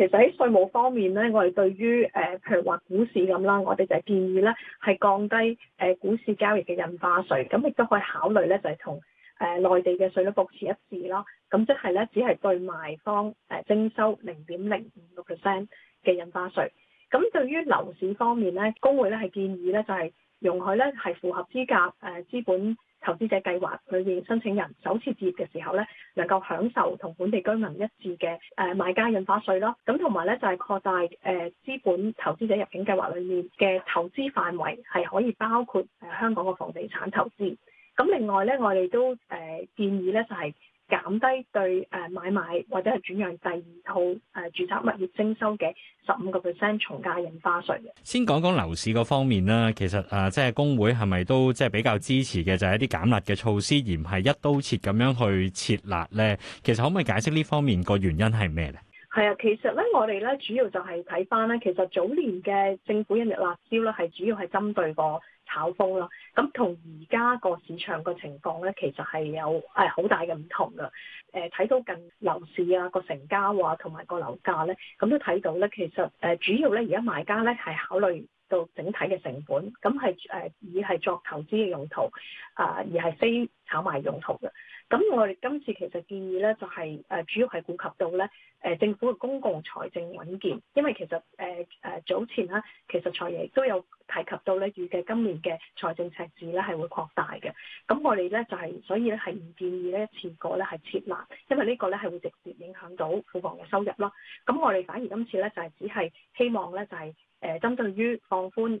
其實喺稅務方面咧，我哋對於誒、呃，譬如話股市咁啦，我哋就係建議咧，係降低誒、呃、股市交易嘅印花稅，咁亦都可以考慮咧，就係、是、同誒內、呃、地嘅稅率保持一致咯。咁即係咧，只係對賣方誒徵、呃、收零點零五個 percent 嘅印花稅。咁對於樓市方面咧，公會咧係建議咧，就係、是、容許咧係符合資格誒資、呃、本。投資者計劃裏面申請人首次置業嘅時候咧，能夠享受同本地居民一致嘅誒、呃、買家印花稅咯。咁同埋咧就係、是、擴大誒、呃、資本投資者入境計劃裏面嘅投資範圍，係可以包括誒、呃、香港嘅房地產投資。咁另外咧，我哋都誒、呃、建議咧就係、是。減低對誒買賣或者係轉讓第二套誒住宅物業徵收嘅十五個 percent 從價印花稅嘅。先講講樓市個方面啦，其實誒即係公會係咪都即係比較支持嘅，就係一啲減辣嘅措施，而唔係一刀切咁樣去設辣咧。其實可唔可以解釋呢方面個原因係咩咧？係啊，其實咧我哋咧主要就係睇返咧，其實早年嘅政府引入辣招咧，係主要係針對個。炒風啦，咁同而家個市場個情況咧，其實係有誒好大嘅唔同噶。誒睇到近樓市啊，個成交啊，同埋個樓價咧，咁都睇到咧，其實誒主要咧，而家買家咧係考慮到整體嘅成本，咁係誒以係作投資嘅用途啊，而係非，炒賣用途嘅，咁我哋今次其實建議咧，就係誒主要係顧及到咧誒政府嘅公共財政穩健，因為其實誒誒早前咧，其實財爺都有提及到咧，預計今年嘅財政赤字咧係會擴大嘅。咁我哋咧就係、是、所以咧係唔建議咧一次過咧係撤辣，因為呢個咧係會直接影響到庫房嘅收入咯。咁我哋反而今次咧就係只係希望咧就係誒針對於放寬誒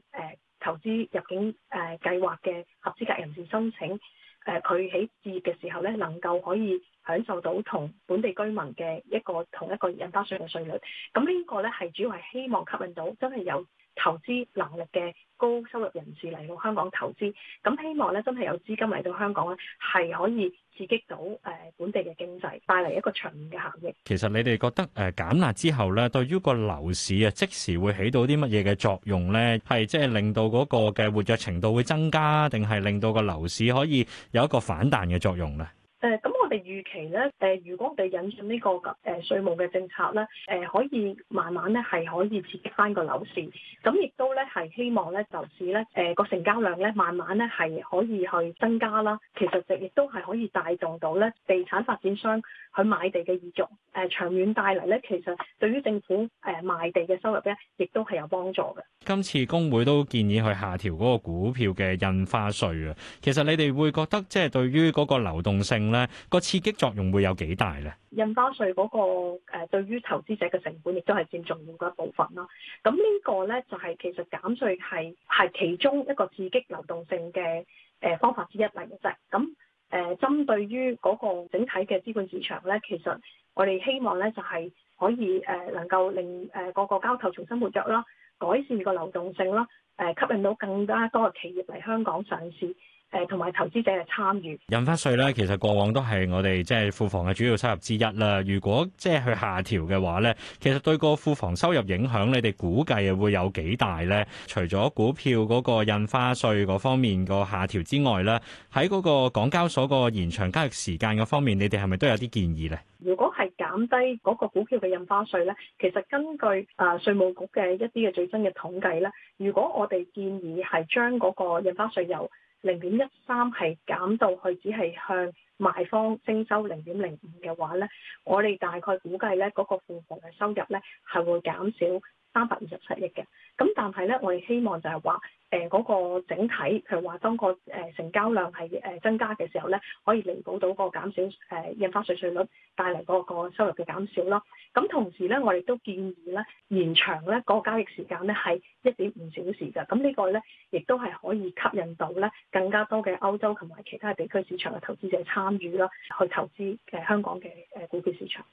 投資入境誒計劃嘅合資格人士申請。誒佢喺置業嘅時候咧，能夠可以享受到同本地居民嘅一個同一個印花稅嘅稅率，咁呢個咧係主要係希望吸引到真係有投資能力嘅高收入人士嚟到香港投資，咁希望咧真係有資金嚟到香港咧，係可以刺激到誒本地嘅經濟，帶嚟一個長遠嘅效益。其實你哋覺得誒減辣之後咧，對於個樓市啊，即時會起到啲乜嘢嘅作用咧？係即係令到嗰個嘅活躍程度會增加，定係令到個樓市可以有一個反彈嘅作用咧？誒、呃嗯我預期咧，誒，如果我哋引進呢個誒稅務嘅政策咧，誒、呃，可以慢慢咧係可以刺激翻個樓市，咁亦都咧係希望咧，就是咧，誒、呃、個成交量咧，慢慢咧係可以去增加啦。其實亦亦都係可以帶動到咧，地產發展商，佢買地嘅意欲，誒、呃、長遠帶嚟咧，其實對於政府誒賣、呃、地嘅收入咧，亦都係有幫助嘅。今次公會都建議去下調嗰個股票嘅印花稅啊，其實你哋會覺得即係對於嗰個流動性咧、個刺激作用會有幾大咧？印花稅嗰、嗰個誒、呃、對於投資者嘅成本亦都係佔重要嘅一部分啦。咁呢個咧就係、係、其實減稅係係其中一個刺激流動性嘅誒、呃、方法之一嚟嘅啫。咁誒，針對於嗰個整體嘅資本市場咧，其實我哋希望咧就係可以誒，能夠令誒個個交投重新活躍啦，改善個流動性啦，誒吸引到更加多嘅企業嚟香港上市。誒同埋投資者嘅參與印花稅咧，其實過往都係我哋即係庫房嘅主要收入之一啦。如果即係去下調嘅話咧，其實對個庫房收入影響，你哋估計會有幾大咧？除咗股票嗰個印花稅嗰方面個下調之外咧，喺嗰個港交所個延長交易時間嘅方面，你哋係咪都有啲建議咧？如果係減低嗰個股票嘅印花稅咧，其實根據啊稅務局嘅一啲嘅最新嘅統計咧，如果我哋建議係將嗰個印花稅由零點一三係減到去只係向賣方徵收零點零五嘅話咧，我哋大概估計咧嗰、那個庫房嘅收入咧係會減少，三百二十七億嘅，咁但係咧，我哋希望就係話，誒、呃、嗰、那個整體，譬如話當個誒、呃、成交量係誒增加嘅時候咧，可以彌補到個減少誒、呃、印花稅稅率帶嚟嗰個收入嘅減少咯。咁、嗯、同時咧，我哋都建議咧延長咧、那個交易時間咧係一點五小時嘅。咁、嗯這個、呢個咧亦都係可以吸引到咧更加多嘅歐洲同埋其他地區市場嘅投資者參與咯，去投資誒、呃、香港嘅誒股票市場。